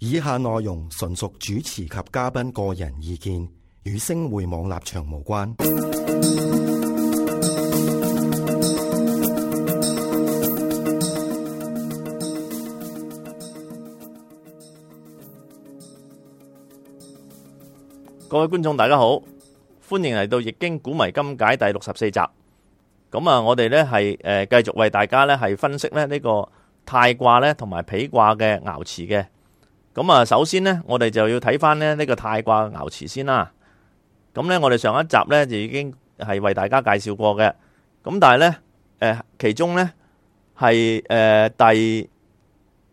以下內容純屬主持及嘉賓個人意見，與星匯網立場無關。各位觀眾，大家好，歡迎嚟到《易經古謎今解》第六十四集。咁啊，我哋呢係誒繼續為大家呢係分析呢呢個泰卦呢同埋否卦嘅爻辭嘅。咁啊，首先咧，我哋就要睇翻咧呢個泰卦爻辭先啦。咁咧，我哋上一集咧就已經係為大家介紹過嘅。咁但係咧，誒，其中咧係誒第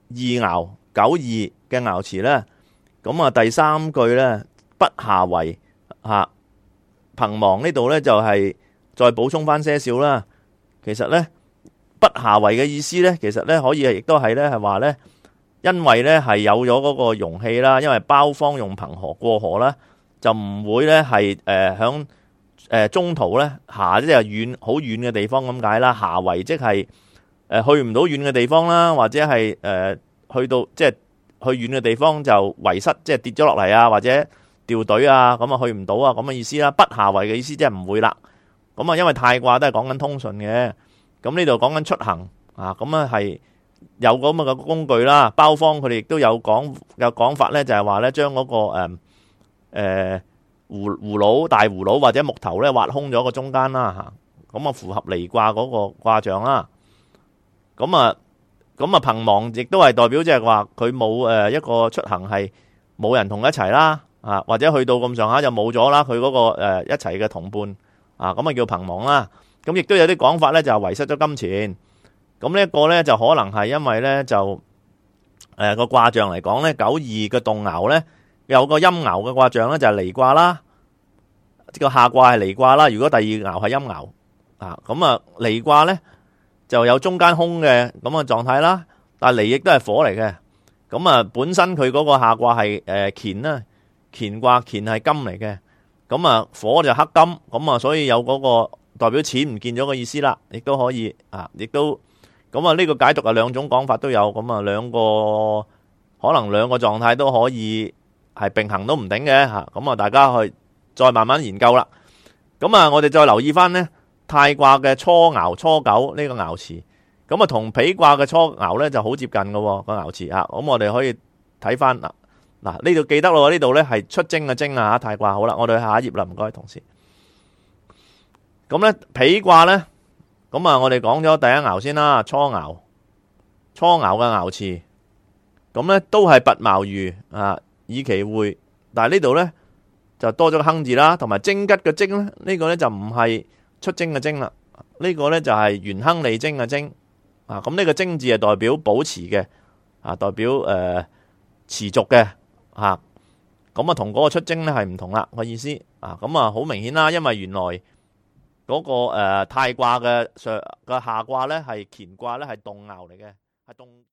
二爻九二嘅爻辭咧，咁啊第三句咧不遐遺吓，朋亡呢度咧就係再補充翻些少啦。其實咧不遐遺嘅意思咧，其實咧可以係亦都係咧係話咧。因為咧係有咗嗰個容器啦，因為包方用憑河過河啦，就唔會咧係誒響誒中途咧下即係遠好遠嘅地方咁解啦，下圍即係誒去唔到遠嘅地方啦，或者係誒去到即係、就是、去遠嘅地方就遺失即係跌咗落嚟啊，或者掉隊啊，咁啊去唔到啊，咁嘅意思啦，不下圍嘅意思即係唔會啦。咁啊，因為泰卦都係講緊通訊嘅，咁呢度講緊出行啊，咁啊係。有咁嘅工具啦，包荒佢哋亦都有講有講法咧，就係話咧將嗰個誒誒葫葫蘆、大葫蘆或者木頭咧挖空咗個中間啦吓，咁啊符合離卦嗰個卦象啦。咁啊咁啊，朋亡亦都係代表即係話佢冇誒一個出行係冇人同一齊啦啊，或者去到咁上下就冇咗啦，佢嗰個誒一齊嘅同伴啊，咁啊叫朋亡啦。咁亦都有啲講法咧，就係遺失咗金錢。咁呢一個咧就可能係因為咧就誒個卦象嚟講咧九二嘅動爻咧有個陰爻嘅卦象咧就係離卦啦，即個下卦係離卦啦。如果第二爻係陰爻啊，咁啊離卦咧就有中間空嘅咁嘅狀態啦。但係離亦都係火嚟嘅，咁啊本身佢嗰個下卦係誒乾啦，乾卦乾係金嚟嘅，咁啊火就克金，咁啊所以有嗰個。代表錢唔見咗個意思啦，亦都可以啊，亦都咁啊。呢個解讀啊，兩種講法都有，咁啊兩個可能兩個狀態都可以係並行都唔定嘅嚇。咁啊，大家去再慢慢研究啦。咁啊，我哋再留意翻呢泰卦嘅初爻初九呢個爻辭，咁啊同否卦嘅初爻呢就好接近嘅個爻辭啊。咁我哋可以睇翻嗱嗱呢度記得咯，呢度呢係出征嘅征啊！泰卦好啦，我哋下一頁啦，唔該同事。咁咧，否卦咧，咁啊，我哋講咗第一爻先啦，初爻，初爻嘅爻辭，咁咧都係拔茅茹啊，以其彙。但係呢度咧就多咗個亨字啦，同埋貞吉嘅貞咧，呢、這個咧就唔係出征嘅征啦，呢、這個咧就係元亨利貞嘅貞啊。咁呢個貞字係代表保持嘅啊，代表誒、呃、持續嘅吓。咁啊，同嗰個出征咧係唔同啦。個意思啊，咁啊好明顯啦，因為原來，嗰、那個誒泰卦嘅上嘅下卦咧，係乾卦咧，係動爻嚟嘅，係動。